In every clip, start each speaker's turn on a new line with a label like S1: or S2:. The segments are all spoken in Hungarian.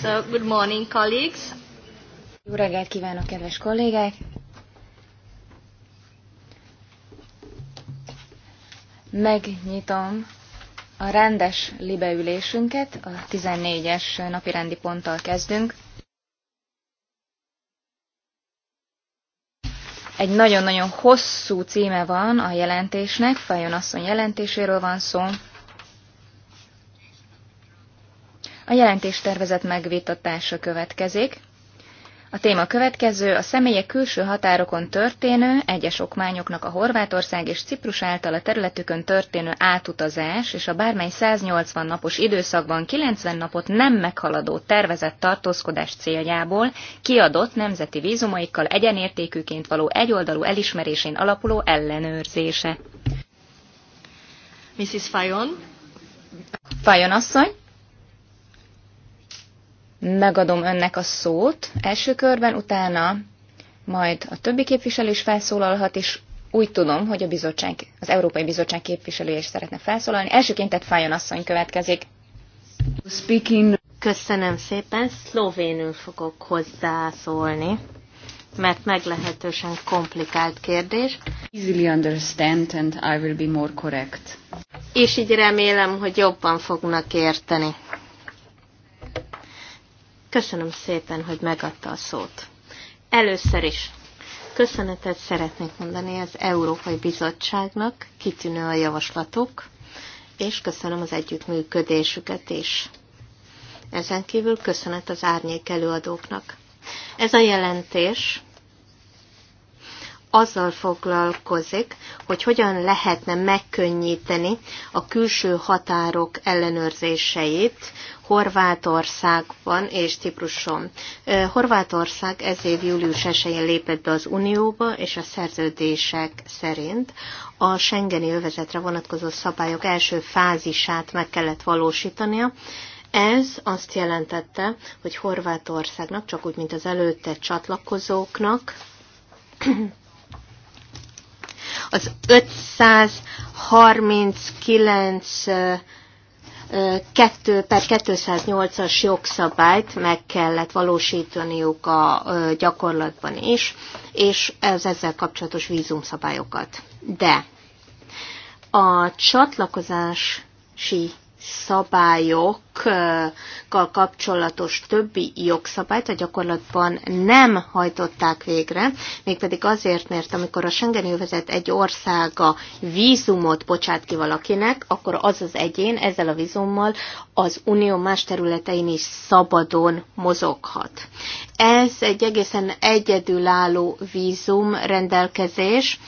S1: So, good morning, colleagues.
S2: Jó reggelt kívánok, kedves kollégák! Megnyitom a rendes libeülésünket, a 14-es napi rendi ponttal kezdünk. Egy nagyon-nagyon hosszú címe van a jelentésnek, Fajon asszony jelentéséről van szó. A jelentés tervezet megvitatása következik. A téma következő a személyek külső határokon történő, egyes okmányoknak a Horvátország és Ciprus által a területükön történő átutazás és a bármely 180 napos időszakban 90 napot nem meghaladó tervezett tartózkodás céljából kiadott nemzeti vízumaikkal egyenértékűként való egyoldalú elismerésén alapuló ellenőrzése. Mrs. Fajon. Fajon asszony megadom önnek a szót első körben, utána majd a többi képviselő is felszólalhat, és úgy tudom, hogy a bizottság, az Európai Bizottság képviselője is szeretne felszólalni. Elsőként tett Fájon asszony következik. Speaking.
S1: Köszönöm szépen, szlovénül fogok hozzászólni, mert meglehetősen komplikált kérdés. Easily understand and I will be more
S2: correct.
S1: És így remélem, hogy jobban fognak érteni. Köszönöm szépen, hogy megadta a szót. Először is köszönetet szeretnék mondani az Európai Bizottságnak, kitűnő a javaslatok, és köszönöm az együttműködésüket is. Ezen kívül köszönet az árnyék előadóknak. Ez a jelentés azzal foglalkozik, hogy hogyan lehetne megkönnyíteni a külső határok ellenőrzéseit Horvátországban és Cipruson. Horvátország ez év július 1-én lépett be az Unióba, és a szerződések szerint a Schengeni övezetre vonatkozó szabályok első fázisát meg kellett valósítania, ez azt jelentette, hogy Horvátországnak, csak úgy, mint az előtte csatlakozóknak, az 539 2 per 208-as jogszabályt meg kellett valósítaniuk a gyakorlatban is, és ez ezzel kapcsolatos vízumszabályokat. De a csatlakozási szabályokkal kapcsolatos többi jogszabályt a gyakorlatban nem hajtották végre, mégpedig azért, mert amikor a Schengen övezet egy országa vízumot bocsát ki valakinek, akkor az az egyén ezzel a vízummal az unió más területein is szabadon mozoghat. Ez egy egészen egyedülálló vízum rendelkezés,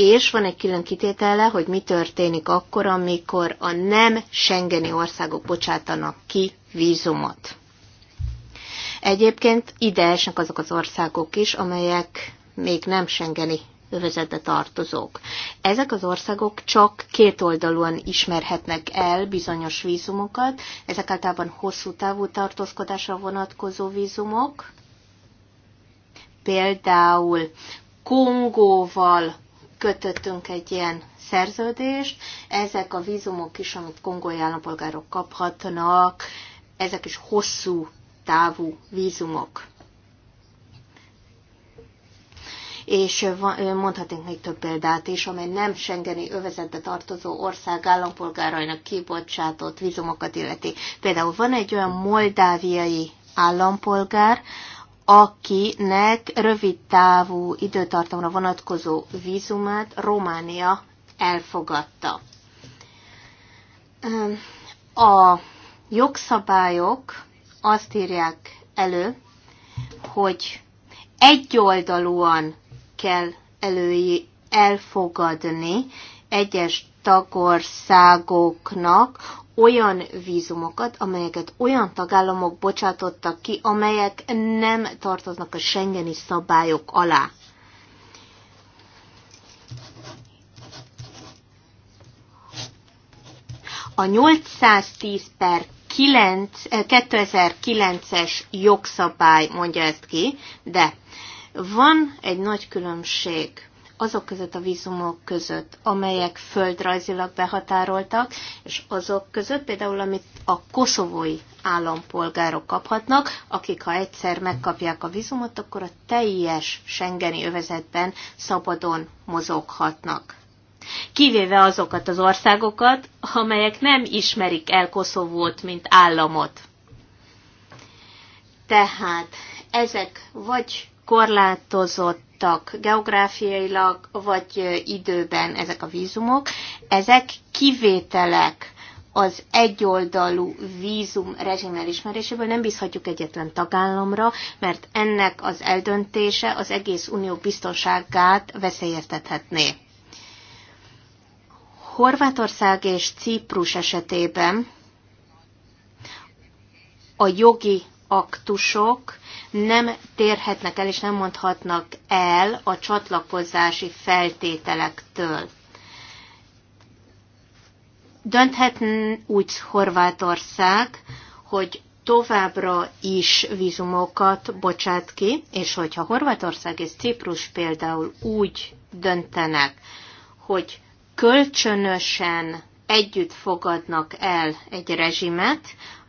S1: és van egy külön kitétele, hogy mi történik akkor, amikor a nem Schengeni országok bocsátanak ki vízumot. Egyébként ide esnek azok az országok is, amelyek még nem Schengeni övezetbe tartozók. Ezek az országok csak kétoldalúan ismerhetnek el bizonyos vízumokat, ezek általában hosszú távú tartózkodásra vonatkozó vízumok, például Kongóval kötöttünk egy ilyen szerződést, ezek a vízumok is, amit kongolai állampolgárok kaphatnak, ezek is hosszú távú vízumok. És mondhatnék még több példát is, amely nem Schengeni övezetbe tartozó ország állampolgárainak kibocsátott vízumokat illeti. Például van egy olyan moldáviai állampolgár, akinek rövid távú időtartamra vonatkozó vízumát Románia elfogadta. A jogszabályok azt írják elő, hogy egyoldalúan kell elői elfogadni egyes tagországoknak olyan vízumokat, amelyeket olyan tagállamok bocsátottak ki, amelyek nem tartoznak a Schengeni szabályok alá. A 810 per 9, 2009-es eh, jogszabály mondja ezt ki, de van egy nagy különbség azok között a vízumok között, amelyek földrajzilag behatároltak, és azok között például, amit a koszovói állampolgárok kaphatnak, akik ha egyszer megkapják a vízumot, akkor a teljes Schengeni övezetben szabadon mozoghatnak. Kivéve azokat az országokat, amelyek nem ismerik el Koszovót, mint államot. Tehát ezek vagy korlátozottak geográfiailag vagy időben ezek a vízumok. Ezek kivételek az egyoldalú vízum rezsim elismeréséből nem bízhatjuk egyetlen tagállamra, mert ennek az eldöntése az egész unió biztonságát veszélyeztethetné. Horvátország és Ciprus esetében a jogi aktusok nem térhetnek el és nem mondhatnak el a csatlakozási feltételektől. Dönthet úgy Horvátország, hogy továbbra is vízumokat bocsát ki, és hogyha Horvátország és Ciprus például úgy döntenek, hogy kölcsönösen együtt fogadnak el egy rezsimet,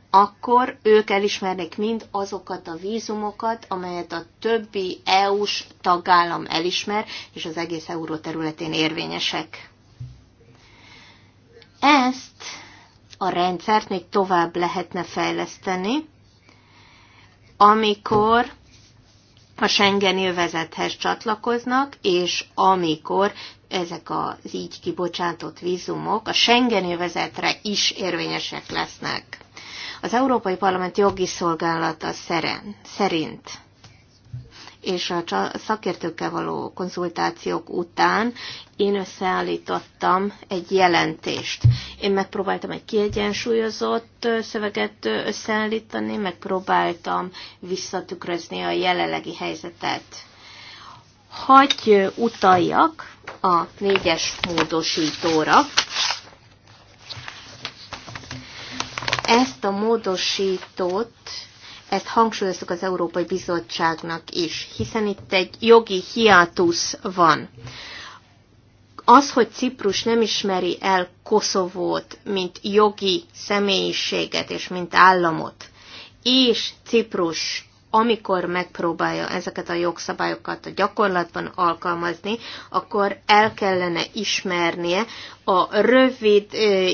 S1: akkor ők elismernék mind azokat a vízumokat, amelyet a többi EU-s tagállam elismer, és az egész euró területén érvényesek. Ezt a rendszert még tovább lehetne fejleszteni, amikor a Schengen övezethez csatlakoznak, és amikor ezek az így kibocsátott vízumok a Schengen övezetre is érvényesek lesznek. Az Európai Parlament jogi szolgálata szerint és a szakértőkkel való konzultációk után én összeállítottam egy jelentést. Én megpróbáltam egy kiegyensúlyozott szöveget összeállítani, megpróbáltam visszatükrözni a jelenlegi helyzetet. Hagy utaljak a négyes módosítóra, Ezt a módosítót, ezt hangsúlyoztuk az Európai Bizottságnak is, hiszen itt egy jogi hiátusz van. Az, hogy Ciprus nem ismeri el Koszovót, mint jogi személyiséget és mint államot, és Ciprus amikor megpróbálja ezeket a jogszabályokat a gyakorlatban alkalmazni, akkor el kellene ismernie a rövid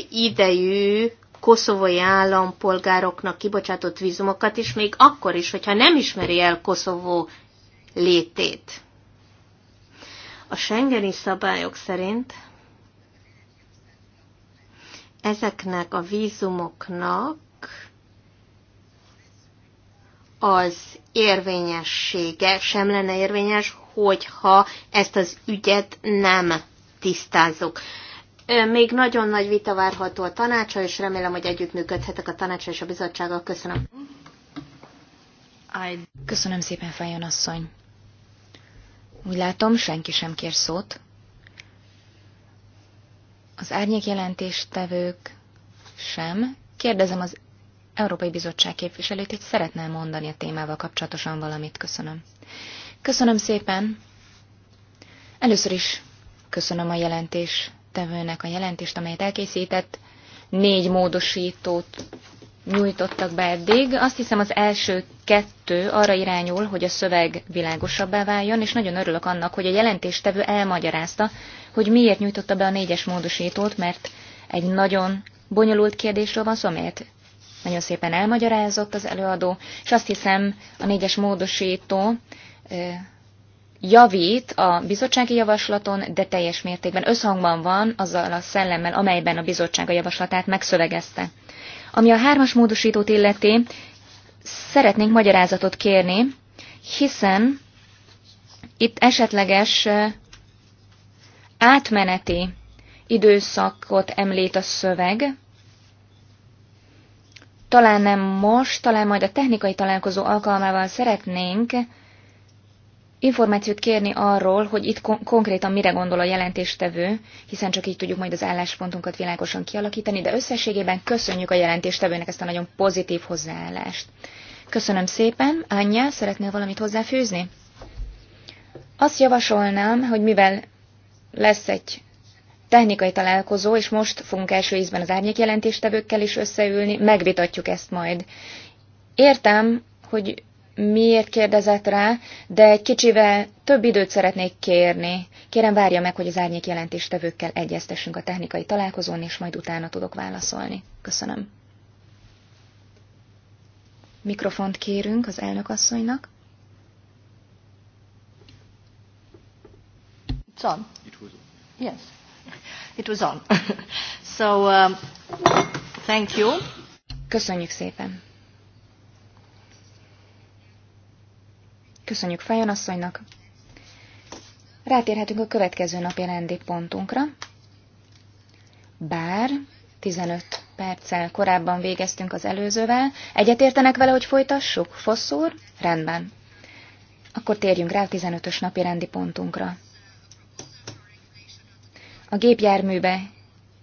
S1: idejű koszovói állampolgároknak kibocsátott vízumokat is, még akkor is, hogyha nem ismeri el Koszovó létét. A Schengeni szabályok szerint ezeknek a vízumoknak az érvényessége sem lenne érvényes, hogyha ezt az ügyet nem tisztázzuk. Még nagyon nagy vita várható a tanácsa, és remélem, hogy együttműködhetek a tanácsa és a bizottsággal. Köszönöm.
S2: Köszönöm szépen, Fajon asszony. Úgy látom, senki sem kér szót. Az árnyék jelentéstevők sem. Kérdezem az Európai Bizottság képviselőt, hogy szeretne mondani a témával kapcsolatosan valamit. Köszönöm. Köszönöm szépen. Először is köszönöm a jelentés jelentéstevőnek a jelentést, amelyet elkészített. Négy módosítót nyújtottak be eddig. Azt hiszem az első kettő arra irányul, hogy a szöveg világosabbá váljon, és nagyon örülök annak, hogy a jelentéstevő elmagyarázta, hogy miért nyújtotta be a négyes módosítót, mert egy nagyon bonyolult kérdésről van szó, amelyet nagyon szépen elmagyarázott az előadó, és azt hiszem a négyes módosító javít a bizottsági javaslaton, de teljes mértékben összhangban van azzal a szellemmel, amelyben a bizottság a javaslatát megszövegezte. Ami a hármas módosítót illeti, szeretnénk magyarázatot kérni, hiszen itt esetleges átmeneti időszakot említ a szöveg, talán nem most, talán majd a technikai találkozó alkalmával szeretnénk információt kérni arról, hogy itt kon- konkrétan mire gondol a jelentéstevő, hiszen csak így tudjuk majd az álláspontunkat világosan kialakítani, de összességében köszönjük a jelentéstevőnek ezt a nagyon pozitív hozzáállást. Köszönöm szépen. Anya, szeretnél valamit hozzáfűzni? Azt javasolnám, hogy mivel lesz egy technikai találkozó, és most fogunk első ízben az árnyék jelentéstevőkkel is összeülni, megvitatjuk ezt majd. Értem, hogy miért kérdezett rá, de egy kicsivel több időt szeretnék kérni. Kérem, várja meg, hogy az árnyék jelentéstevőkkel egyeztessünk a technikai találkozón, és majd utána tudok válaszolni. Köszönöm. Mikrofont kérünk az elnök asszonynak? It's on. It was on. Yes. It was on. so, um, thank you. Köszönjük szépen. Köszönjük Fajon asszonynak. Rátérhetünk a következő napi rendi pontunkra. Bár 15 perccel korábban végeztünk az előzővel, egyetértenek vele, hogy folytassuk? Fosszúr? Rendben. Akkor térjünk rá a 15-ös napi rendi pontunkra. A gépjárműbe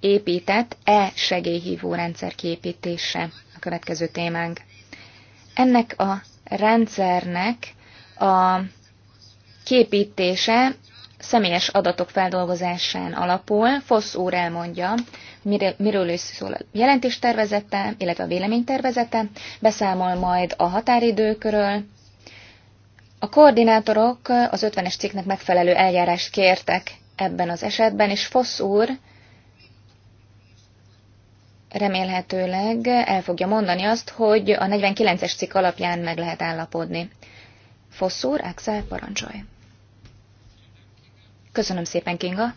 S2: épített e-segélyhívó rendszer kiépítése a következő témánk. Ennek a rendszernek a képítése személyes adatok feldolgozásán alapul. Fosz úr elmondja, miről is szól a jelentéstervezete, illetve a véleménytervezete, beszámol majd a határidőkről. A koordinátorok az 50-es cikknek megfelelő eljárást kértek ebben az esetben, és Fosz úr remélhetőleg el fogja mondani azt, hogy a 49-es cikk alapján meg lehet állapodni. Fosszúr, Axel, parancsolj. Köszönöm szépen, Kinga.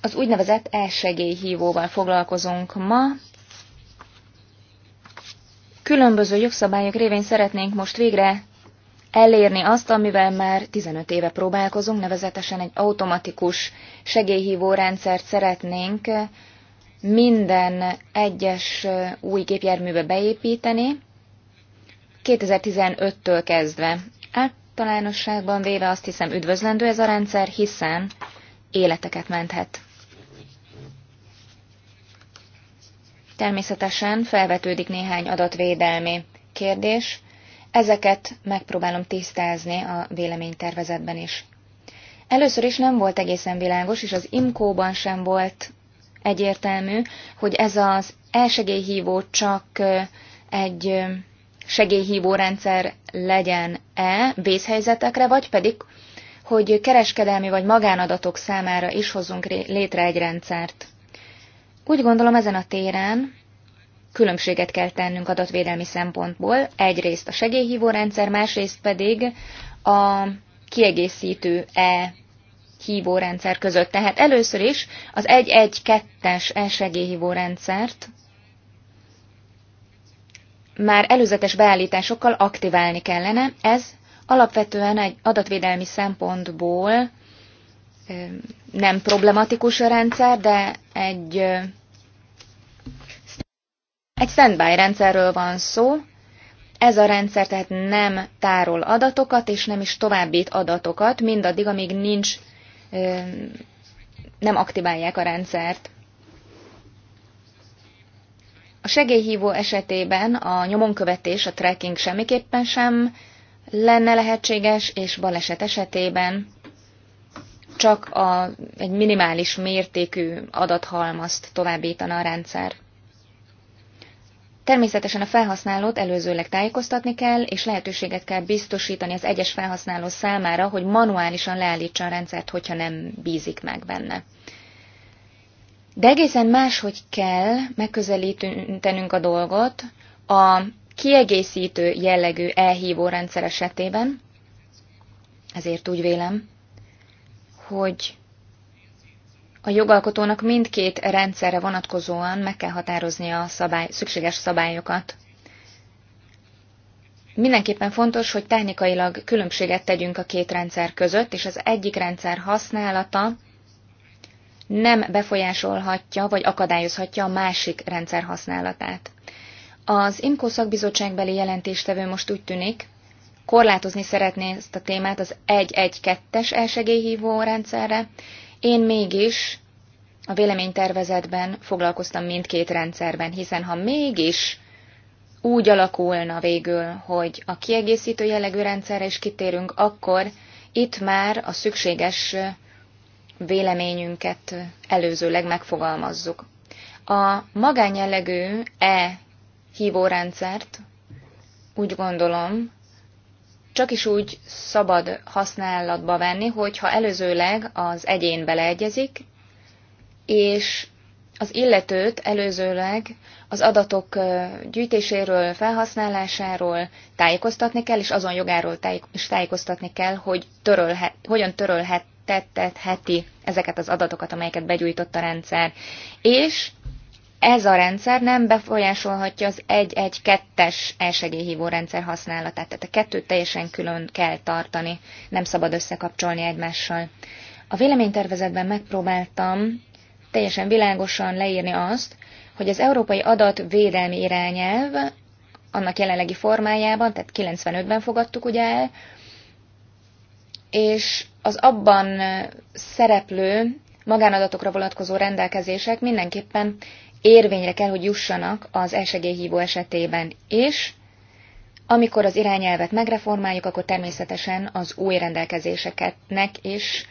S2: Az úgynevezett elsegélyhívóval foglalkozunk ma. Különböző jogszabályok révén szeretnénk most végre elérni azt, amivel már 15 éve próbálkozunk, nevezetesen egy automatikus segélyhívó rendszert szeretnénk minden egyes új gépjárműbe beépíteni. 2015-től kezdve. Általánosságban véve azt hiszem üdvözlendő ez a rendszer, hiszen életeket menthet. Természetesen felvetődik néhány adatvédelmi kérdés, ezeket megpróbálom tisztázni a véleménytervezetben is. Először is nem volt egészen világos, és az IMCO-ban sem volt egyértelmű, hogy ez az elsegélyhívó csak egy segélyhívó rendszer legyen-e vészhelyzetekre, vagy pedig, hogy kereskedelmi vagy magánadatok számára is hozzunk létre egy rendszert. Úgy gondolom ezen a téren különbséget kell tennünk adatvédelmi szempontból, egyrészt a segélyhívó rendszer, másrészt pedig a kiegészítő e hívórendszer között. Tehát először is az 112-es e-segélyhívó rendszert már előzetes beállításokkal aktiválni kellene. Ez alapvetően egy adatvédelmi szempontból nem problematikus a rendszer, de egy, egy standby rendszerről van szó. Ez a rendszer tehát nem tárol adatokat, és nem is továbbít adatokat, mindaddig, amíg nincs, nem aktiválják a rendszert. A segélyhívó esetében a nyomonkövetés, a tracking semmiképpen sem lenne lehetséges, és baleset esetében csak a, egy minimális mértékű adathalmazt továbbítana a rendszer. Természetesen a felhasználót előzőleg tájékoztatni kell, és lehetőséget kell biztosítani az egyes felhasználó számára, hogy manuálisan leállítsa a rendszert, hogyha nem bízik meg benne. De egészen máshogy kell megközelítenünk a dolgot a kiegészítő jellegű elhívó rendszer esetében, ezért úgy vélem, hogy a jogalkotónak mindkét rendszerre vonatkozóan meg kell határoznia a szabály, szükséges szabályokat. Mindenképpen fontos, hogy technikailag különbséget tegyünk a két rendszer között, és az egyik rendszer használata nem befolyásolhatja vagy akadályozhatja a másik rendszer használatát. Az IMCO szakbizottságbeli jelentéstevő most úgy tűnik, korlátozni szeretné ezt a témát az 112-es elsegélyhívó rendszerre, én mégis a véleménytervezetben foglalkoztam mindkét rendszerben, hiszen ha mégis úgy alakulna végül, hogy a kiegészítő jellegű rendszerre is kitérünk, akkor itt már a szükséges véleményünket előzőleg megfogalmazzuk. A magányjellegű e hívórendszert úgy gondolom, csak is úgy szabad használatba venni, hogyha előzőleg az egyén beleegyezik, és az illetőt előzőleg az adatok gyűjtéséről, felhasználásáról tájékoztatni kell, és azon jogáról is tájékoztatni kell, hogy törölhet, hogyan törölhet összetettetheti ezeket az adatokat, amelyeket begyújtott a rendszer. És ez a rendszer nem befolyásolhatja az 1-1-2-es elsegélyhívó rendszer használatát, tehát a kettőt teljesen külön kell tartani, nem szabad összekapcsolni egymással. A véleménytervezetben megpróbáltam teljesen világosan leírni azt, hogy az Európai Adatvédelmi Irányelv annak jelenlegi formájában, tehát 95-ben fogadtuk ugye el, és az abban szereplő magánadatokra vonatkozó rendelkezések mindenképpen érvényre kell, hogy jussanak az esegélyhívó esetében is. Amikor az irányelvet megreformáljuk, akkor természetesen az új rendelkezéseknek is,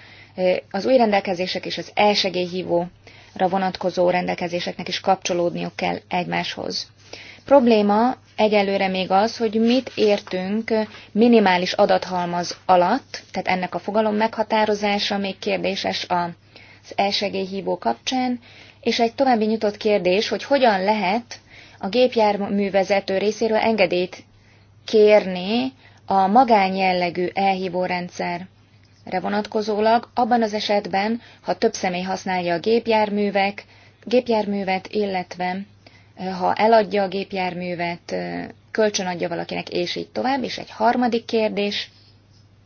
S2: az új rendelkezések és az elsegélyhívóra vonatkozó rendelkezéseknek is kapcsolódniuk kell egymáshoz. Probléma egyelőre még az, hogy mit értünk minimális adathalmaz alatt, tehát ennek a fogalom meghatározása még kérdéses az elsegélyhívó kapcsán, és egy további nyitott kérdés, hogy hogyan lehet a gépjárművezető részéről engedélyt kérni a magánjellegű elhívó rendszerre vonatkozólag, abban az esetben, ha több személy használja a gépjárművek, gépjárművet, illetve ha eladja a gépjárművet, kölcsönadja valakinek, és így tovább. És egy harmadik kérdés,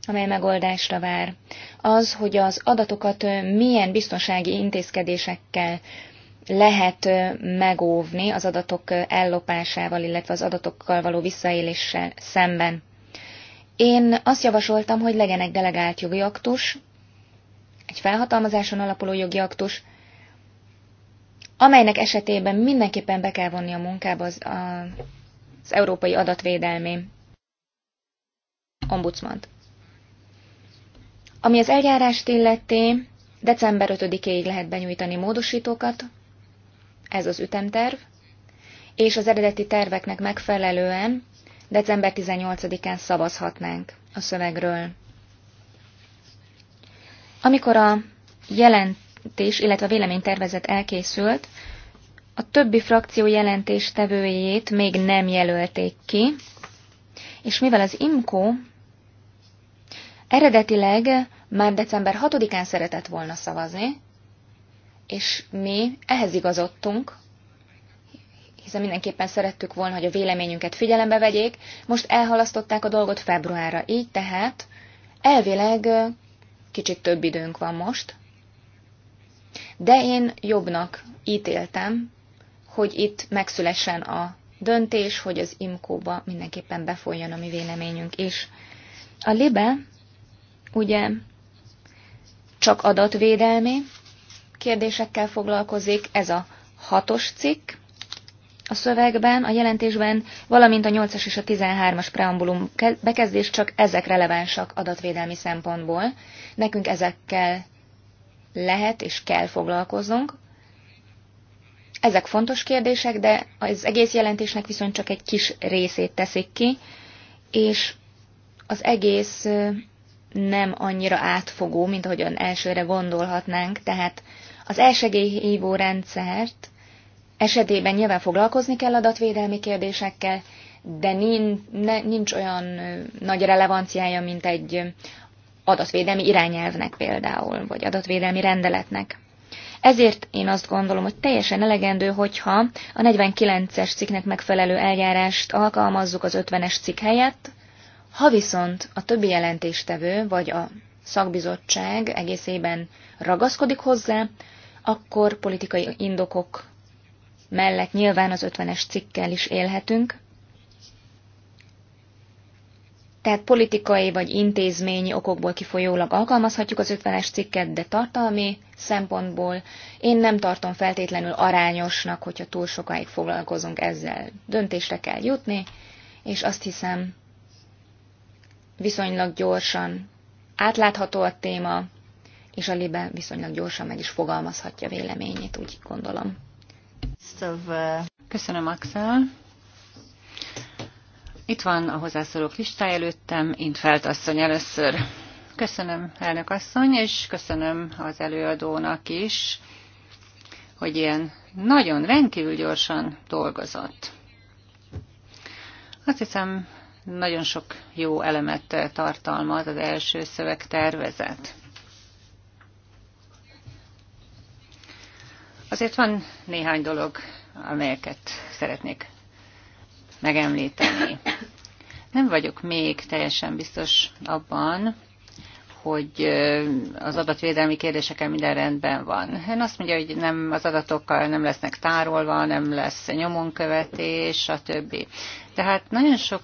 S2: amely megoldásra vár, az, hogy az adatokat milyen biztonsági intézkedésekkel lehet megóvni az adatok ellopásával, illetve az adatokkal való visszaéléssel szemben. Én azt javasoltam, hogy legyen egy delegált jogi aktus, egy felhatalmazáson alapuló jogi aktus, amelynek esetében mindenképpen be kell vonni a munkába az, a, az Európai Adatvédelmi Ombudsmant. Ami az eljárást illeti, december 5-éig lehet benyújtani módosítókat, ez az ütemterv, és az eredeti terveknek megfelelően december 18-án szavazhatnánk a szövegről. Amikor a jelent jelentés, illetve a véleménytervezet elkészült, a többi frakció jelentéstevőjét még nem jelölték ki, és mivel az IMCO eredetileg már december 6-án szeretett volna szavazni, és mi ehhez igazodtunk, hiszen mindenképpen szerettük volna, hogy a véleményünket figyelembe vegyék, most elhalasztották a dolgot februárra, így tehát elvileg kicsit több időnk van most, de én jobbnak ítéltem, hogy itt megszülessen a döntés, hogy az imkóba mindenképpen befolyjon a mi véleményünk is. A libe ugye csak adatvédelmi kérdésekkel foglalkozik, ez a hatos cikk a szövegben, a jelentésben, valamint a 8-as és a 13-as preambulum bekezdés csak ezek relevánsak adatvédelmi szempontból. Nekünk ezekkel lehet és kell foglalkoznunk. Ezek fontos kérdések, de az egész jelentésnek viszont csak egy kis részét teszik ki, és az egész nem annyira átfogó, mint ahogyan elsőre gondolhatnánk, tehát az elsegélyhívó rendszert esetében nyilván foglalkozni kell adatvédelmi kérdésekkel, de nincs, olyan nagy relevanciája, mint egy adatvédelmi irányelvnek például, vagy adatvédelmi rendeletnek. Ezért én azt gondolom, hogy teljesen elegendő, hogyha a 49-es cikknek megfelelő eljárást alkalmazzuk az 50-es cikk helyett, ha viszont a többi jelentéstevő vagy a szakbizottság egészében ragaszkodik hozzá, akkor politikai indokok mellett nyilván az 50-es cikkkel is élhetünk, tehát politikai vagy intézményi okokból kifolyólag alkalmazhatjuk az 50-es cikket, de tartalmi szempontból én nem tartom feltétlenül arányosnak, hogyha túl sokáig foglalkozunk ezzel. Döntésre kell jutni, és azt hiszem viszonylag gyorsan átlátható a téma, és a Libe viszonylag gyorsan
S3: meg is fogalmazhatja véleményét, úgy gondolom. Szóval- Köszönöm, Axel. Itt van a hozzászólók listája előttem, Intfelt asszony először. Köszönöm, elnök asszony, és köszönöm az előadónak is, hogy ilyen nagyon rendkívül gyorsan dolgozott. Azt hiszem, nagyon sok jó elemet tartalmaz az első szöveg tervezet. Azért van néhány dolog, amelyeket szeretnék megemlíteni. Nem vagyok még teljesen biztos abban, hogy az adatvédelmi kérdésekkel minden rendben van. Ön azt mondja, hogy nem, az adatokkal nem lesznek tárolva, nem lesz nyomonkövetés, stb. Tehát nagyon sok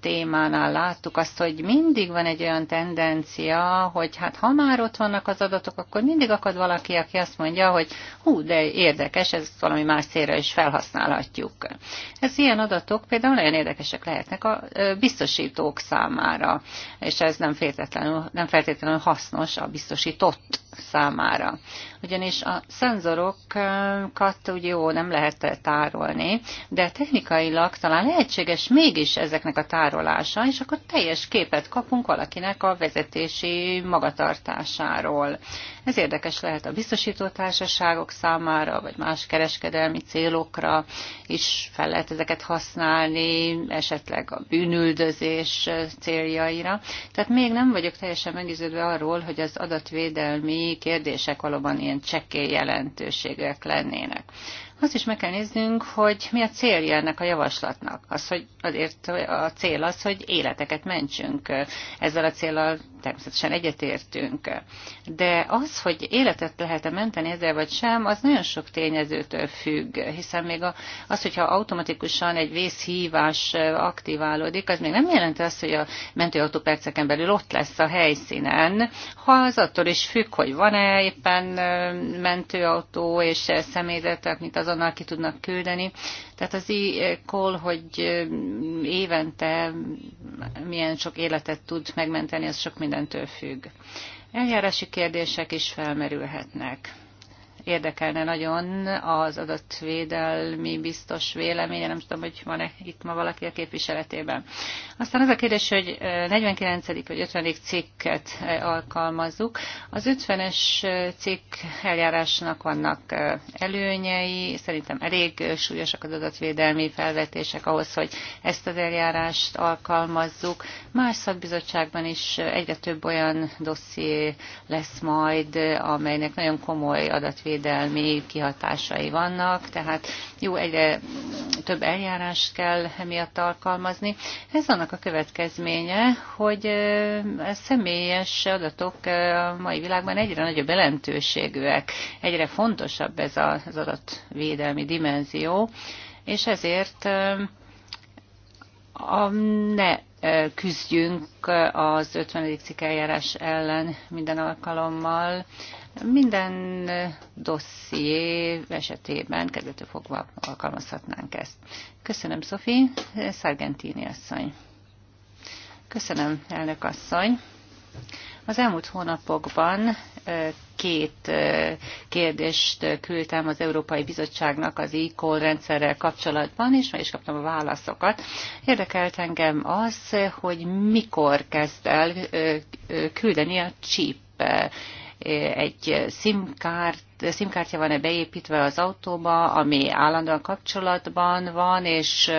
S3: témánál láttuk azt, hogy mindig van egy olyan tendencia, hogy hát ha már ott vannak az adatok, akkor mindig akad valaki, aki azt mondja, hogy hú, de érdekes, ez valami más célra is felhasználhatjuk. Ez ilyen adatok például nagyon érdekesek lehetnek a biztosítók számára, és ez nem feltétlenül, nem feltétlenül hasznos a biztosított számára. Ugyanis a szenzorokat ugye, jó nem lehet tárolni, de technikailag talán lehetséges mégis ezeknek a tárolása, és akkor teljes képet kapunk valakinek a vezetési magatartásáról. Ez érdekes lehet a biztosítótársaságok számára, vagy más kereskedelmi célokra is fel lehet ezeket használni, esetleg a bűnüldözés céljaira. Tehát még nem vagyok teljesen meggyőződve arról, hogy az adatvédelmi kérdések valóban ilyen csekély jelentőségek lennének. Azt is meg kell néznünk, hogy mi a célja ennek a javaslatnak. Az, hogy azért a cél az, hogy életeket mentsünk. Ezzel a célral természetesen egyetértünk. De az, hogy életet lehet-e menteni ezzel vagy sem, az nagyon sok tényezőtől függ, hiszen még az, hogyha automatikusan egy vészhívás aktiválódik, az még nem jelenti azt, hogy a mentőautó perceken belül ott lesz a helyszínen, ha az attól is függ, hogy van-e éppen mentőautó és személyzetek, mint az azonnal ki tudnak küldeni. Tehát az e-call, hogy e, évente milyen sok életet tud megmenteni, az sok mindentől függ. Eljárási kérdések is felmerülhetnek érdekelne nagyon az adatvédelmi biztos véleménye, nem tudom, hogy van-e itt ma valaki a képviseletében. Aztán az a kérdés, hogy 49. vagy 50. cikket alkalmazzuk. Az 50-es cikk eljárásnak vannak előnyei, szerintem elég súlyosak az adatvédelmi felvetések ahhoz, hogy ezt az eljárást alkalmazzuk. Más szakbizottságban is egyre több olyan dosszié lesz majd, amelynek nagyon komoly adatvédelmi környezetvédelmi kihatásai vannak, tehát jó, egyre több eljárást kell emiatt alkalmazni. Ez annak a következménye, hogy a személyes adatok a mai világban egyre nagyobb jelentőségűek, egyre fontosabb ez az adatvédelmi dimenzió, és ezért a, ne küzdjünk az 50. cikk eljárás ellen minden alkalommal. Minden dosszié esetében kezdetől fogva alkalmazhatnánk ezt. Köszönöm, Szofi. Sargentini asszony. Köszönöm, elnök asszony. Az elmúlt hónapokban két kérdést küldtem az Európai Bizottságnak az e-call rendszerrel kapcsolatban, és meg is kaptam a válaszokat. Érdekelt engem az, hogy mikor kezd el küldeni a chip egy sim kártya van-e beépítve az autóba, ami állandóan kapcsolatban van, és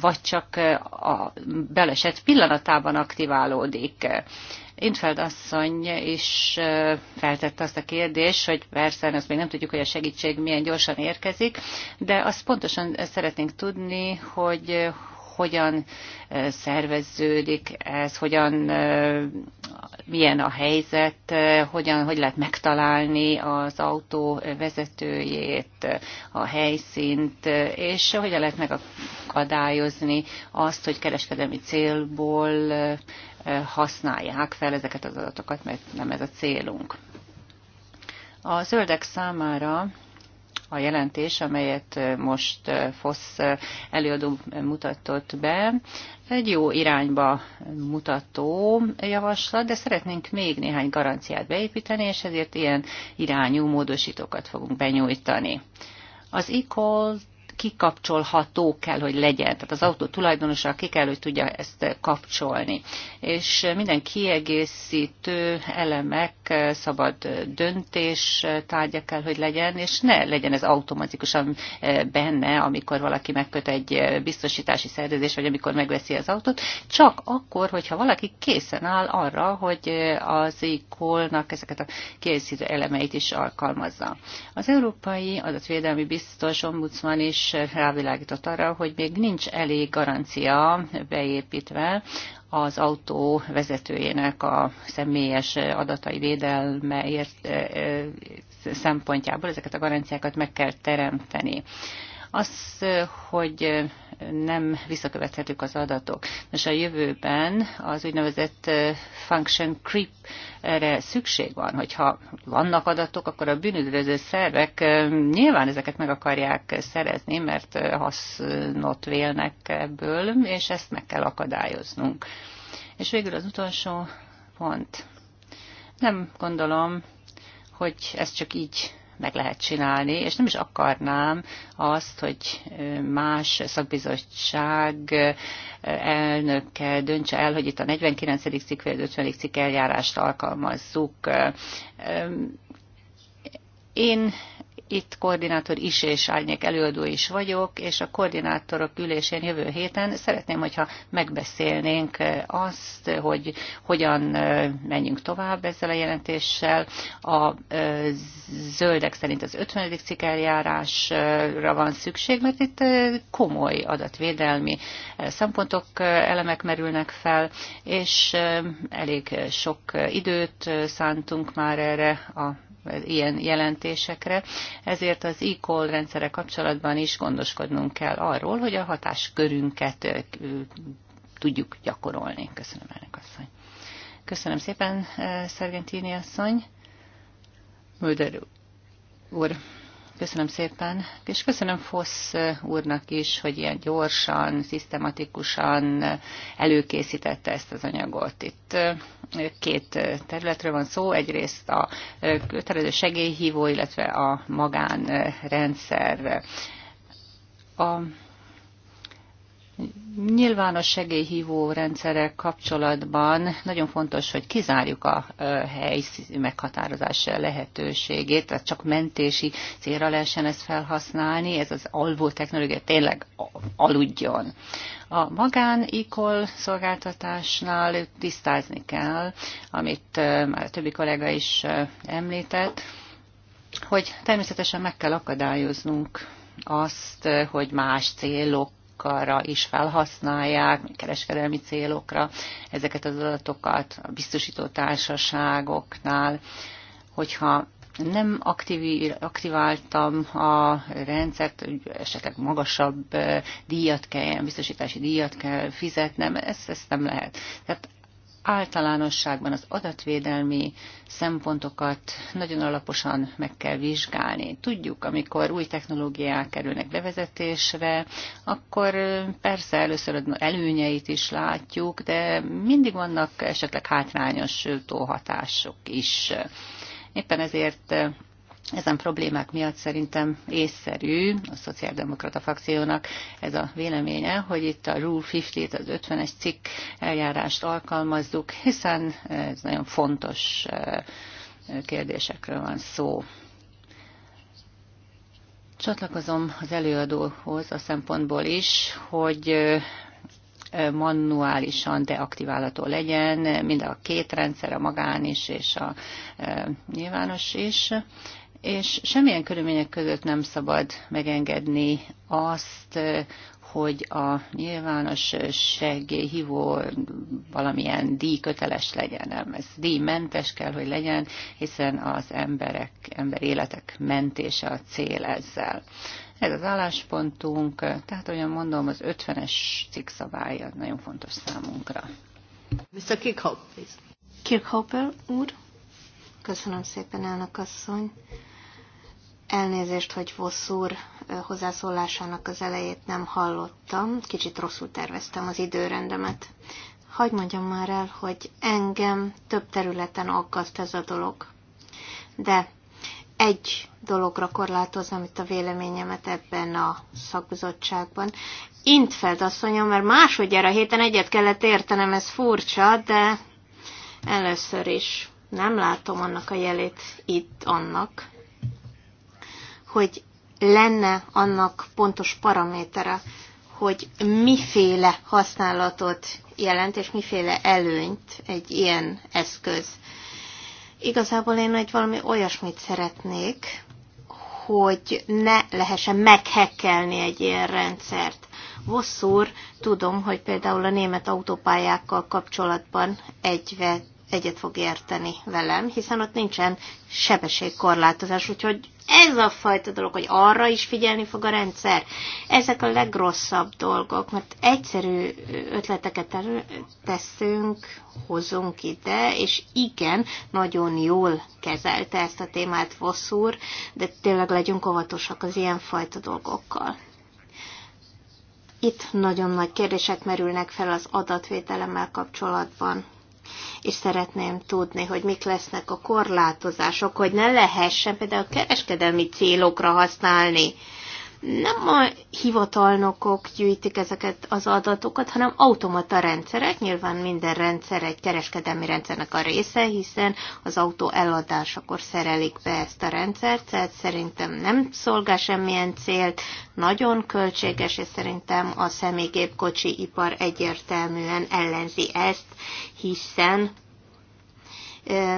S3: vagy csak a beleset pillanatában aktiválódik. Intfeld asszony is feltette azt a kérdést, hogy persze azt még nem tudjuk, hogy a segítség milyen gyorsan érkezik, de azt pontosan szeretnénk tudni, hogy hogyan szerveződik ez, hogyan, milyen a helyzet, hogyan, hogy lehet megtalálni az autó vezetőjét, a helyszínt, és hogyan lehet megakadályozni azt, hogy kereskedelmi célból használják fel ezeket az adatokat, mert nem ez a célunk. A zöldek számára a jelentés, amelyet most FOSZ előadó mutatott be, egy jó irányba mutató javaslat, de szeretnénk még néhány garanciát beépíteni, és ezért ilyen irányú módosítókat fogunk benyújtani. Az e kikapcsolható kell, hogy legyen. Tehát az autó tulajdonosa ki kell, hogy tudja ezt kapcsolni. És minden kiegészítő elemek eh, szabad döntés eh, tárgya kell, hogy legyen, és ne legyen ez automatikusan eh, benne, amikor valaki megköt egy biztosítási szerződés, vagy amikor megveszi az autót, csak akkor, hogyha valaki készen áll arra, hogy az ikolnak ezeket a kiegészítő elemeit is alkalmazza. Az Európai Adatvédelmi Biztos Ombudsman is is rávilágított arra, hogy még nincs elég garancia beépítve az autó vezetőjének a személyes adatai védelmeért szempontjából ezeket a garanciákat meg kell teremteni. Az, hogy nem visszakövethetők az adatok. Most a jövőben az úgynevezett function creep erre szükség van, hogyha vannak adatok, akkor a bűnüldöző szervek nyilván ezeket meg akarják szerezni, mert hasznot vélnek ebből, és ezt meg kell akadályoznunk. És végül az utolsó pont. Nem gondolom, hogy ez csak így meg lehet csinálni, és nem is akarnám azt, hogy más szakbizottság elnöke döntse el, hogy itt a 49. cikk vagy az 50. cikk eljárást alkalmazzuk. Én itt koordinátor is és árnyék előadó is vagyok, és a koordinátorok ülésén jövő héten szeretném, hogyha megbeszélnénk azt, hogy hogyan menjünk tovább ezzel a jelentéssel. A zöldek szerint az 50. cikeljárásra van szükség, mert itt komoly adatvédelmi szempontok, elemek merülnek fel, és elég sok időt szántunk már erre a ilyen jelentésekre, ezért az e-call rendszere kapcsolatban is gondoskodnunk kell arról, hogy a hatáskörünket tudjuk gyakorolni. Köszönöm, elnök asszony. Köszönöm szépen, Szergentini asszony. Mölder úr. Köszönöm szépen, és köszönöm Fosz úrnak is, hogy ilyen gyorsan, szisztematikusan előkészítette ezt az anyagot. Itt két területről van szó, egyrészt a kötelező segélyhívó, illetve a magánrendszer. A nyilvános segélyhívó rendszerek kapcsolatban nagyon fontos, hogy kizárjuk a hely meghatározás lehetőségét, tehát csak mentési célra lehessen ezt felhasználni, ez az alvó technológia tényleg aludjon. A magán ikol szolgáltatásnál tisztázni kell, amit már a többi kollega is említett, hogy természetesen meg kell akadályoznunk azt, hogy más célok célokra is felhasználják, kereskedelmi célokra ezeket az adatokat a biztosító társaságoknál, hogyha nem aktiváltam a rendszert, hogy esetleg magasabb eh, díjat kell, biztosítási díjat kell fizetnem, ezt, ezt nem lehet. Tehát általánosságban az adatvédelmi szempontokat nagyon alaposan meg kell vizsgálni. Tudjuk, amikor új technológiák kerülnek bevezetésre, akkor persze először előnyeit is látjuk, de mindig vannak esetleg hátrányos tóhatások is. Éppen ezért ezen problémák miatt szerintem észszerű a szociáldemokrata frakciónak ez a véleménye, hogy itt a Rule 50-t, az 50-es cikk eljárást alkalmazzuk, hiszen ez nagyon fontos eh, kérdésekről van szó. Csatlakozom az előadóhoz a szempontból is, hogy eh, eh, manuálisan deaktiválható legyen, mind a két rendszer, a magán is és a nyilvános is, és semmilyen körülmények között nem szabad megengedni azt, hogy a nyilvános segélyhívó valamilyen díjköteles legyen. Nem, ez díjmentes kell, hogy legyen, hiszen az emberek, ember életek mentése a cél ezzel. Ez az álláspontunk, tehát olyan mondom, az 50-es cikk szabálya nagyon fontos számunkra. Mr. Kirkhope, please.
S1: Kirkhope úr. Köszönöm szépen, elnök asszony. Elnézést, hogy Vosszúr hozzászólásának az elejét nem hallottam, kicsit rosszul terveztem az időrendemet. Hagy mondjam már el, hogy engem több területen aggaszt ez a dolog. De egy dologra korlátozom itt a véleményemet ebben a szakbizottságban. Int Intfeld asszonyom, mert másodjára héten egyet kellett értenem, ez furcsa, de először is nem látom annak a jelét itt annak, hogy lenne annak pontos paramétere, hogy miféle használatot jelent, és miféle előnyt egy ilyen eszköz. Igazából én egy valami olyasmit szeretnék, hogy ne lehessen meghekkelni egy ilyen rendszert. Vosszúr, tudom, hogy például a német autópályákkal kapcsolatban egy egyet fog érteni velem, hiszen ott nincsen sebességkorlátozás, úgyhogy ez a fajta dolog, hogy arra is figyelni fog a rendszer, ezek a legrosszabb dolgok, mert egyszerű ötleteket teszünk, hozunk ide, és igen, nagyon jól kezelte ezt a témát Vosszúr, de tényleg legyünk óvatosak az ilyen fajta dolgokkal. Itt nagyon nagy kérdések merülnek fel az adatvételemmel kapcsolatban és szeretném tudni, hogy mik lesznek a korlátozások, hogy ne lehessen például kereskedelmi célokra használni nem a hivatalnokok gyűjtik ezeket az adatokat, hanem automata rendszerek. Nyilván minden rendszer egy kereskedelmi rendszernek a része, hiszen az autó eladásakor szerelik be ezt a rendszert, tehát szerintem nem szolgál semmilyen célt, nagyon költséges, és szerintem a személygépkocsi ipar egyértelműen ellenzi ezt, hiszen ö,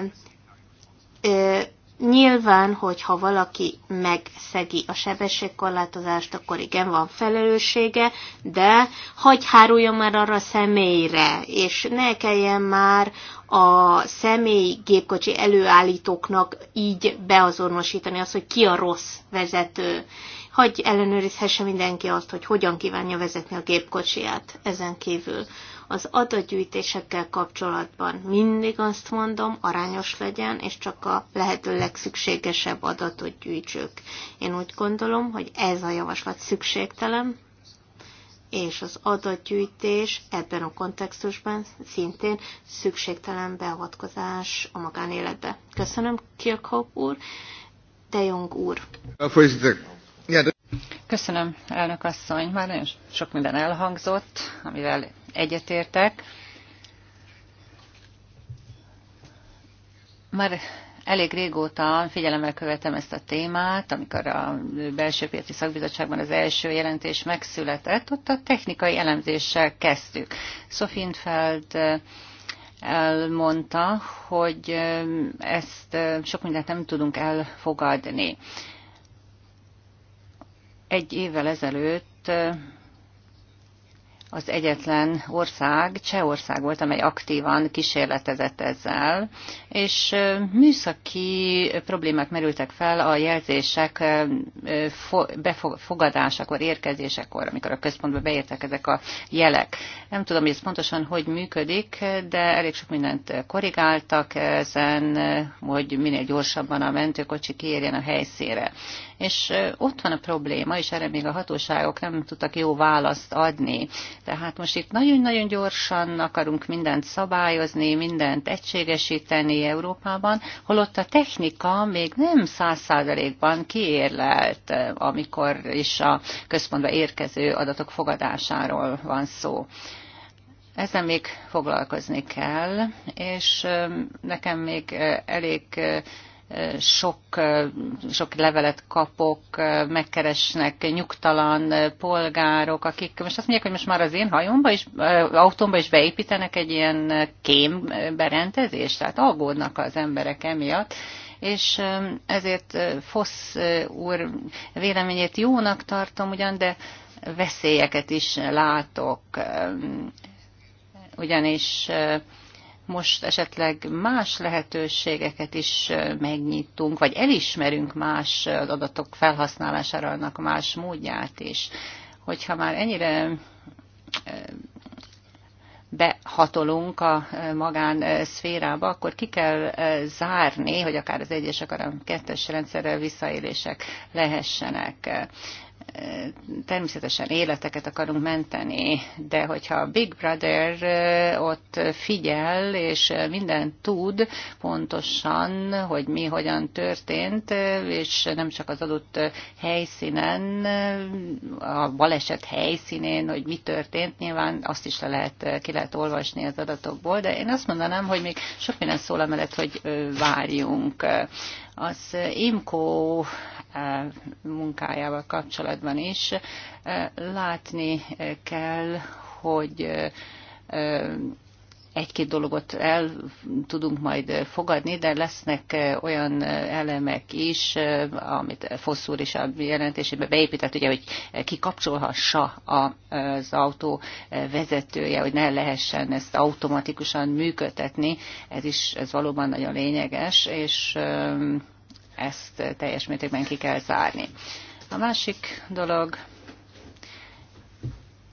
S1: ö, Nyilván, hogyha valaki megszegi a sebességkorlátozást, akkor igen, van felelőssége, de hagy háruljon már arra a személyre, és ne kelljen már a személyi gépkocsi előállítóknak így beazonosítani azt, hogy ki a rossz vezető. Hagy ellenőrizhesse mindenki azt, hogy hogyan kívánja vezetni a gépkocsiját ezen kívül. Az adatgyűjtésekkel kapcsolatban mindig azt mondom, arányos legyen, és csak a lehető legszükségesebb adatot gyűjtsük. Én úgy gondolom, hogy ez a javaslat szükségtelen, és az adatgyűjtés ebben a kontextusban szintén szükségtelen beavatkozás a magánéletbe. Köszönöm, Kirchhoff úr, De
S3: Jong úr. Köszönöm, elnök asszony. Már nagyon sok minden elhangzott, amivel egyetértek. Már elég régóta figyelemmel követem ezt a témát, amikor a belső piaci szakbizottságban az első jelentés megszületett, ott a technikai elemzéssel kezdtük. Sofintfeld elmondta, hogy ezt sok mindent nem tudunk elfogadni. Egy évvel ezelőtt az egyetlen ország, Csehország volt, amely aktívan kísérletezett ezzel, és műszaki problémák merültek fel a jelzések befogadásakor, érkezésekor, amikor a központba beértek ezek a jelek. Nem tudom, hogy ez pontosan hogy működik, de elég sok mindent korrigáltak ezen, hogy minél gyorsabban a mentőkocsi kiérjen a helyszíre és ott van a probléma, és erre még a hatóságok nem tudtak jó választ adni. Tehát most itt nagyon-nagyon gyorsan akarunk mindent szabályozni, mindent egységesíteni Európában, holott a technika még nem száz százalékban kiérlelt, amikor is a központba érkező adatok fogadásáról van szó. Ezzel még foglalkozni kell, és nekem még elég sok, sok levelet kapok, megkeresnek nyugtalan polgárok, akik most azt mondják, hogy most már az én hajomba is, autómba is beépítenek egy ilyen kém berendezést, tehát aggódnak az emberek emiatt, és um, ezért uh, Fosz uh, úr véleményét jónak tartom ugyan, de veszélyeket is látok, um, ugyanis uh, most esetleg más lehetőségeket is megnyitunk, vagy elismerünk más adatok felhasználására annak más módját is. Hogyha már ennyire behatolunk a magán szférába, akkor ki kell zárni, hogy akár az egyes, akár a kettes rendszerrel visszaélések lehessenek természetesen életeket akarunk menteni, de hogyha a Big Brother ott figyel, és minden tud pontosan, hogy mi hogyan történt, és nem csak az adott helyszínen, a baleset helyszínén, hogy mi történt, nyilván azt is le lehet, ki lehet olvasni az adatokból, de én azt mondanám, hogy még sok minden szól amellett, hogy várjunk az IMCO eh, munkájával kapcsolatban is eh, látni kell, hogy eh, egy-két dologot el tudunk majd fogadni, de lesznek olyan elemek is, amit Fosszúr is a jelentésébe beépített, ugye, hogy kikapcsolhassa az autó vezetője, hogy ne lehessen ezt automatikusan működtetni. Ez is, ez valóban nagyon lényeges, és ezt teljes mértékben ki kell zárni. A másik dolog,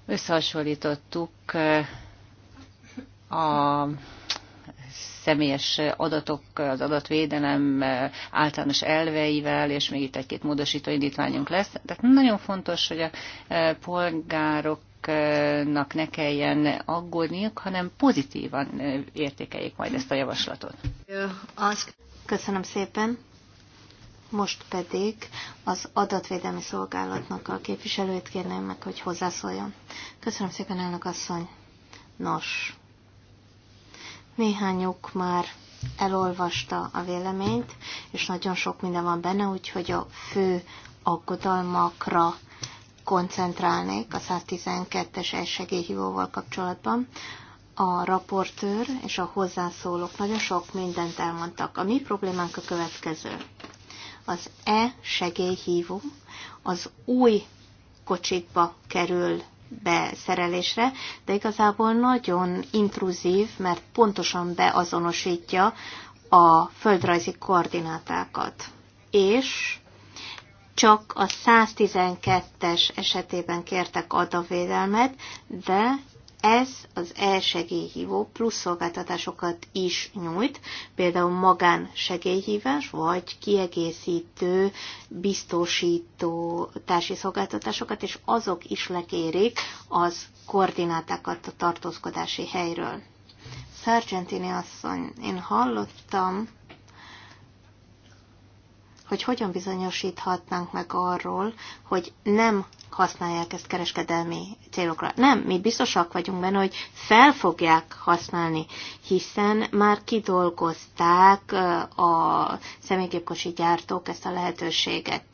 S3: összehasonlítottuk a személyes adatok, az adatvédelem általános elveivel, és még itt egy-két módosító indítványunk lesz. Tehát nagyon fontos, hogy a polgárok ne kelljen aggódniuk, hanem pozitívan értékeljék majd ezt a javaslatot.
S1: Köszönöm szépen. Most pedig az adatvédelmi szolgálatnak a képviselőjét kérném meg, hogy hozzászóljon. Köszönöm szépen, elnök asszony. Nos, Néhányuk már elolvasta a véleményt, és nagyon sok minden van benne, úgyhogy a fő aggodalmakra koncentrálnék a 112-es elsegélyhívóval kapcsolatban. A raportőr és a hozzászólók nagyon sok mindent elmondtak. A mi problémánk a következő. Az e-segélyhívó az új kocsikba kerül beszerelésre, de igazából nagyon intruzív, mert pontosan beazonosítja a földrajzi koordinátákat. És csak a 112-es esetében kértek adavédelmet, de ez az e-segélyhívó plusz szolgáltatásokat is nyújt, például magán segélyhívás, vagy kiegészítő, biztosító társi szolgáltatásokat, és azok is lekérik az koordinátákat a tartózkodási helyről. Sargentini asszony, én hallottam, hogy hogyan bizonyosíthatnánk meg arról, hogy nem használják ezt kereskedelmi célokra. Nem, mi biztosak vagyunk benne, hogy fel fogják használni, hiszen már kidolgozták a személygépkocsi gyártók ezt a lehetőséget.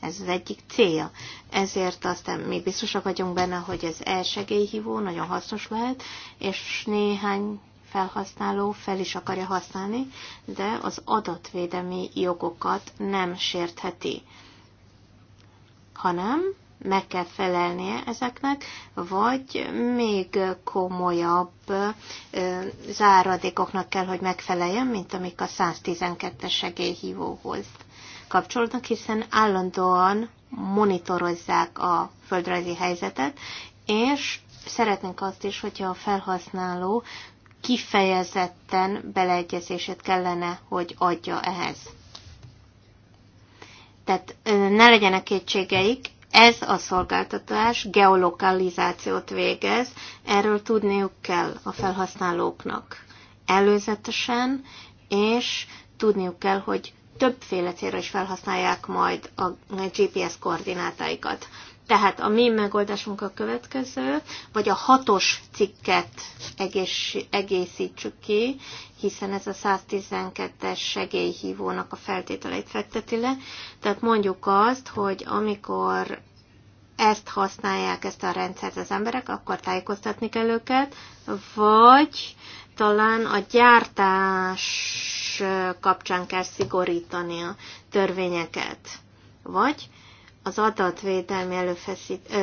S1: Ez az egyik célja. Ezért aztán mi biztosak vagyunk benne, hogy ez elsegélyhívó, nagyon hasznos lehet, és néhány felhasználó fel is akarja használni, de az adatvédelmi jogokat nem sértheti, hanem meg kell felelnie ezeknek, vagy még komolyabb záradékoknak kell, hogy megfeleljen, mint amik a 112-es segélyhívóhoz kapcsolódnak, hiszen állandóan monitorozzák a földrajzi helyzetet, és szeretnénk azt is, hogyha a felhasználó kifejezetten beleegyezését kellene, hogy adja ehhez. Tehát ne legyenek kétségeik, ez a szolgáltatás geolokalizációt végez, erről tudniuk kell a felhasználóknak előzetesen, és tudniuk kell, hogy többféle célra is felhasználják majd a GPS koordinátáikat. Tehát a mi megoldásunk a következő, vagy a hatos cikket egész, egészítsük ki, hiszen ez a 112-es segélyhívónak a feltételeit fekteti le. Tehát mondjuk azt, hogy amikor ezt használják, ezt a rendszert az emberek, akkor tájékoztatni kell őket, vagy talán a gyártás kapcsán kell szigorítani a törvényeket. Vagy az adatvédelmi előfeszít, ö,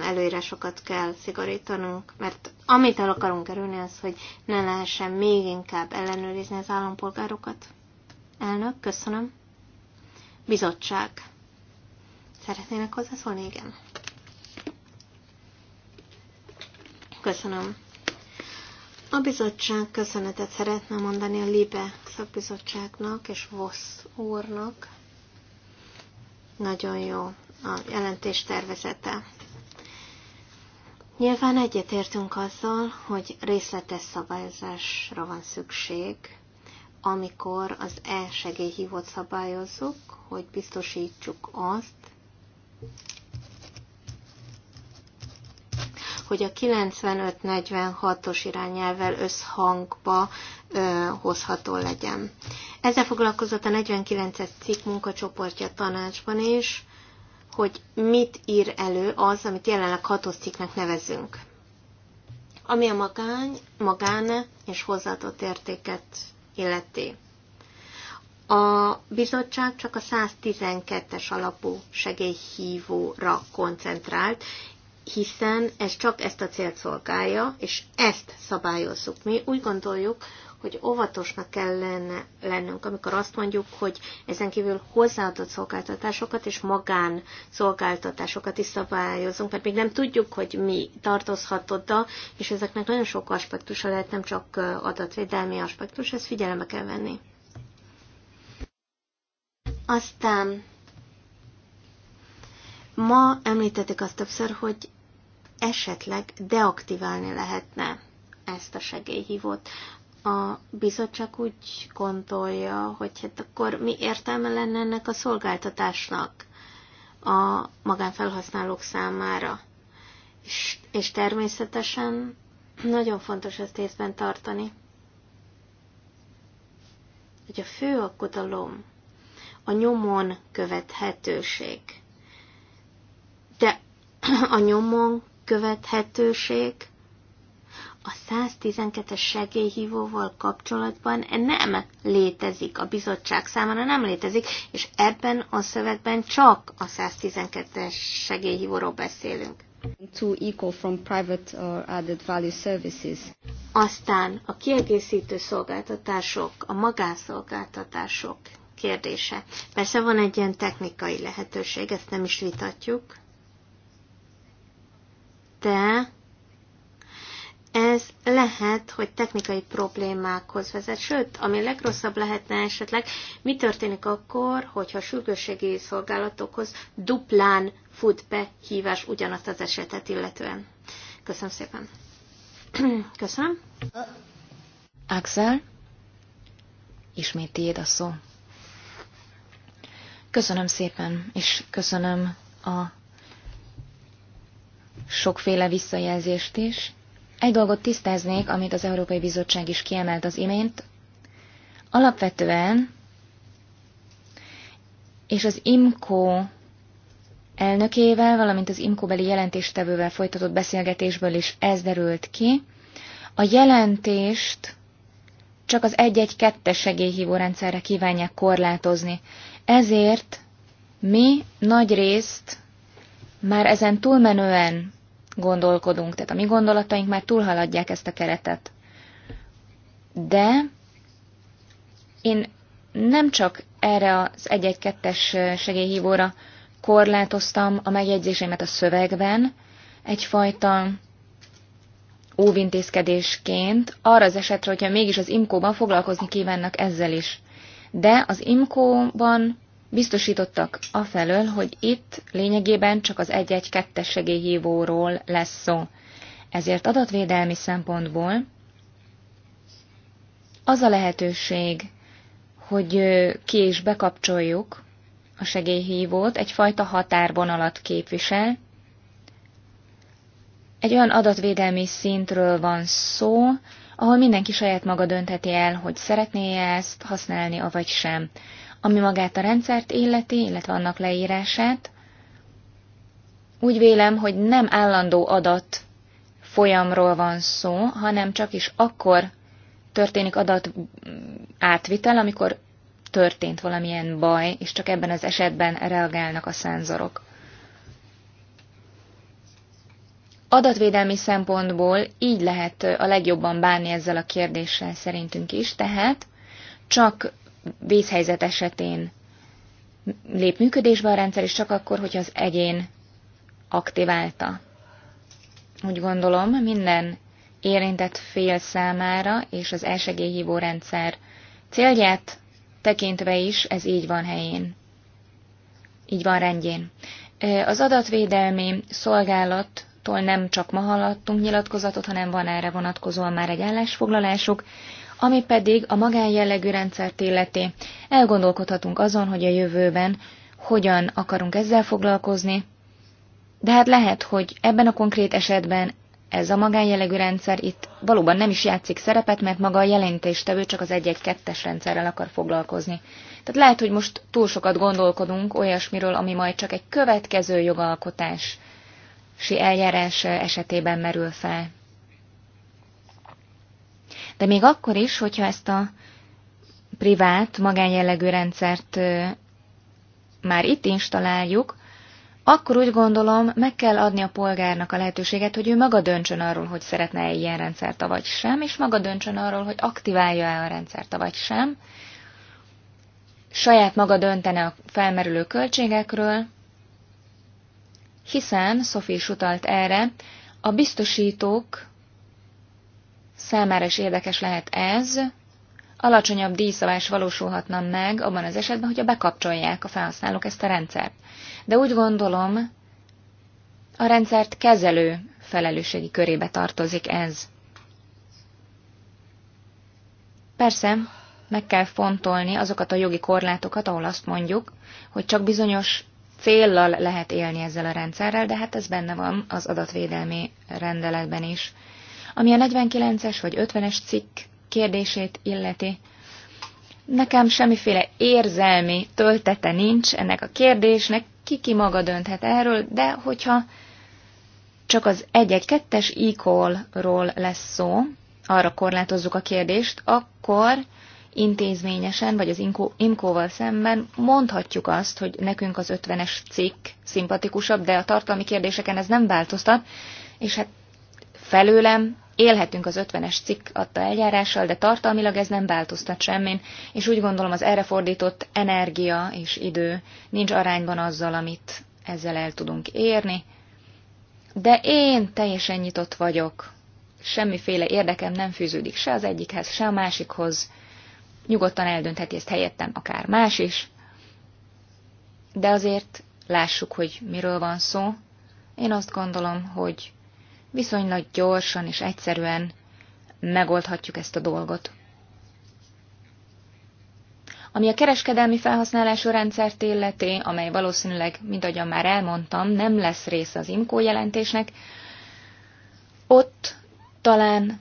S1: előírásokat kell szigorítanunk, mert amit el akarunk kerülni, az, hogy ne lehessen még inkább ellenőrizni az állampolgárokat. Elnök, köszönöm. Bizottság. Szeretnének hozzászólni? Igen. Köszönöm. A bizottság köszönetet szeretne mondani a LIBE szakbizottságnak és VOSZ úrnak. Nagyon jó a jelentés tervezete. Nyilván egyetértünk azzal, hogy részletes szabályozásra van szükség, amikor az e-segélyhívót szabályozzuk, hogy biztosítsuk azt, hogy a 95-46-os irányelvel összhangba ö, hozható legyen. Ezzel foglalkozott a 49-es cikk munkacsoportja tanácsban is, hogy mit ír elő az, amit jelenleg hatosztiknek nevezünk. Ami a magány, magán és hozzáadott értéket illeti. A bizottság csak a 112-es alapú segélyhívóra koncentrált, hiszen ez csak ezt a célt szolgálja, és ezt szabályozzuk. Mi úgy gondoljuk, hogy óvatosnak kellene lennünk, amikor azt mondjuk, hogy ezen kívül hozzáadott szolgáltatásokat és magán szolgáltatásokat is szabályozunk, mert még nem tudjuk, hogy mi tartozhat oda, és ezeknek nagyon sok aspektusa lehet, nem csak adatvédelmi aspektus, ezt figyelembe kell venni. Aztán ma említették azt többször, hogy esetleg deaktiválni lehetne ezt a segélyhívót a bizottság úgy gondolja, hogy hát akkor mi értelme lenne ennek a szolgáltatásnak a magánfelhasználók számára. És, és természetesen nagyon fontos ezt észben tartani, hogy a fő aggodalom a nyomon követhetőség. De a nyomon követhetőség a 112-es segélyhívóval kapcsolatban nem létezik, a bizottság számára nem létezik, és ebben a szövegben csak a 112-es segélyhívóról beszélünk. Two equal from private or added value services. Aztán a kiegészítő szolgáltatások, a magánszolgáltatások kérdése. Persze van egy ilyen technikai lehetőség, ezt nem is vitatjuk, de ez lehet, hogy technikai problémákhoz vezet, sőt, ami legrosszabb lehetne esetleg, mi történik akkor, hogyha a sürgősségi szolgálatokhoz duplán fut be hívás ugyanazt az esetet illetően. Köszönöm szépen. Köszönöm.
S2: Axel, ismét tiéd a szó. Köszönöm szépen, és köszönöm a sokféle visszajelzést is. Egy dolgot tisztáznék, amit az Európai Bizottság is kiemelt az imént. Alapvetően, és az IMCO elnökével, valamint az IMCO-beli jelentéstevővel folytatott beszélgetésből is ez derült ki, a jelentést csak az 1-1-2-es segélyhívó rendszerre kívánják korlátozni. Ezért mi nagy részt már ezen túlmenően gondolkodunk, tehát a mi gondolataink már túlhaladják ezt a keretet. De én nem csak erre az 1-1-2-es segélyhívóra korlátoztam a megjegyzéseimet a szövegben, egyfajta óvintézkedésként arra az esetre, hogyha mégis az IMKO-ban foglalkozni kívánnak ezzel is. De az IMKO-ban biztosítottak afelől, hogy itt lényegében csak az 112-es segélyhívóról lesz szó. Ezért adatvédelmi szempontból az a lehetőség, hogy ki is bekapcsoljuk a segélyhívót, egyfajta határvonalat képvisel. Egy olyan adatvédelmi szintről van szó, ahol mindenki saját maga döntheti el, hogy szeretné -e ezt használni, avagy sem ami magát a rendszert illeti, illetve annak leírását. Úgy vélem, hogy nem állandó adat folyamról van szó, hanem csak is akkor történik adat mm, átvitel, amikor történt valamilyen baj, és csak ebben az esetben reagálnak a szenzorok. Adatvédelmi szempontból így lehet a legjobban bánni ezzel a kérdéssel szerintünk is, tehát csak vészhelyzet esetén lép működésbe a rendszer, és csak akkor, hogyha az egyén aktiválta. Úgy gondolom, minden érintett fél számára és az elsegélyhívó rendszer célját tekintve is ez így van helyén. Így van rendjén. Az adatvédelmi szolgálattól nem csak ma hallottunk nyilatkozatot, hanem van erre vonatkozóan már egy állásfoglalásuk, ami pedig a magánjellegű rendszert illeti. Elgondolkodhatunk azon, hogy a jövőben hogyan akarunk ezzel foglalkozni, de hát lehet, hogy ebben a konkrét esetben ez a magánjellegű rendszer itt valóban nem is játszik szerepet, mert maga a jelentéstevő csak az egy-egy-kettes rendszerrel akar foglalkozni. Tehát lehet, hogy most túl sokat gondolkodunk olyasmiről, ami majd csak egy következő jogalkotási eljárás esetében merül fel. De még akkor is, hogyha ezt a privát, magánjellegű rendszert már itt installáljuk, akkor úgy gondolom, meg kell adni a polgárnak a lehetőséget, hogy ő maga döntsön arról, hogy szeretne-e ilyen rendszert, vagy sem, és maga döntsön arról, hogy aktiválja-e a rendszert, vagy sem. Saját maga döntene a felmerülő költségekről, hiszen, Sophie is utalt erre, a biztosítók számára is érdekes lehet ez, alacsonyabb díjszabás valósulhatna meg abban az esetben, hogyha bekapcsolják a felhasználók ezt a rendszert. De úgy gondolom, a rendszert kezelő felelősségi körébe tartozik ez. Persze, meg kell fontolni azokat a jogi korlátokat, ahol azt mondjuk, hogy csak bizonyos céllal lehet élni ezzel a rendszerrel, de hát ez benne van az adatvédelmi rendeletben is. Ami a 49-es vagy 50-es cikk kérdését illeti, nekem semmiféle érzelmi töltete nincs ennek a kérdésnek, ki ki maga dönthet erről, de hogyha csak az 1-1-2-es e ról lesz szó, arra korlátozzuk a kérdést, akkor intézményesen, vagy az imkóval szemben mondhatjuk azt, hogy nekünk az 50-es cikk szimpatikusabb, de a tartalmi kérdéseken ez nem változtat, és hát felőlem, Élhetünk az 50-es cikk adta eljárással, de tartalmilag ez nem változtat semmin, és úgy gondolom az erre fordított energia és idő nincs arányban azzal, amit ezzel el tudunk érni. De én teljesen nyitott vagyok. Semmiféle érdekem nem fűződik se az egyikhez, se a másikhoz. Nyugodtan eldöntheti ezt helyettem akár más is. De azért lássuk, hogy miről van szó. Én azt gondolom, hogy viszonylag gyorsan és egyszerűen megoldhatjuk ezt a dolgot. Ami a kereskedelmi felhasználású rendszert illeti, amely valószínűleg, mint ahogyan már elmondtam, nem lesz része az IMCO jelentésnek, ott talán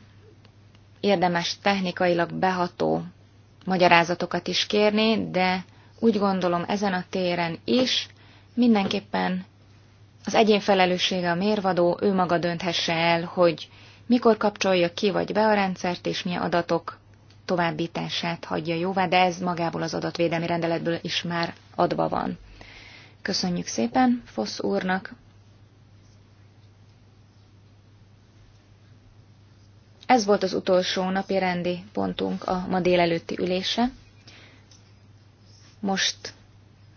S2: érdemes technikailag beható magyarázatokat is kérni, de úgy gondolom ezen a téren is mindenképpen az egyén felelőssége a mérvadó, ő maga dönthesse el, hogy mikor kapcsolja ki vagy be a rendszert, és milyen adatok továbbítását hagyja jóvá, de ez magából az adatvédelmi rendeletből is már adva van. Köszönjük szépen Fosz úrnak. Ez volt az utolsó napi rendi pontunk a ma délelőtti ülése. Most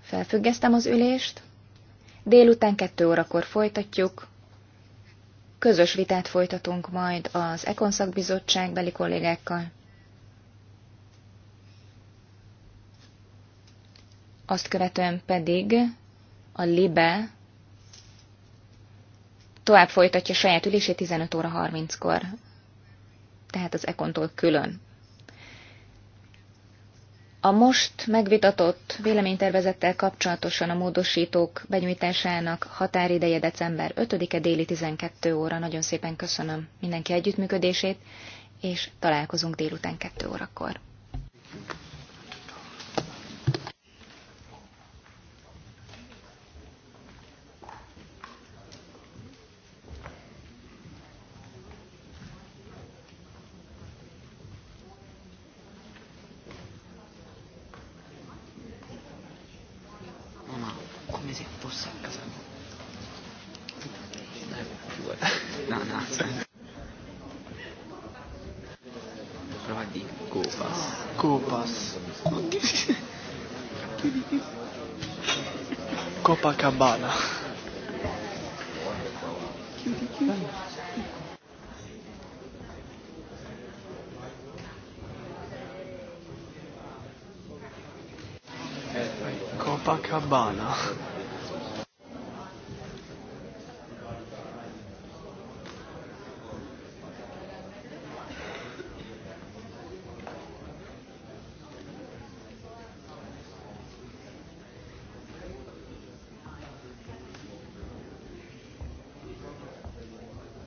S2: felfüggesztem az ülést. Délután kettő órakor folytatjuk. Közös vitát folytatunk majd az Ekon szakbizottság beli kollégákkal. Azt követően pedig a LIBE tovább folytatja saját ülését 15 óra 30-kor, tehát az Ekontól külön. A most megvitatott véleménytervezettel kapcsolatosan a módosítók benyújtásának határideje december 5-e déli 12 óra. Nagyon szépen köszönöm mindenki együttműködését, és találkozunk délután 2 órakor.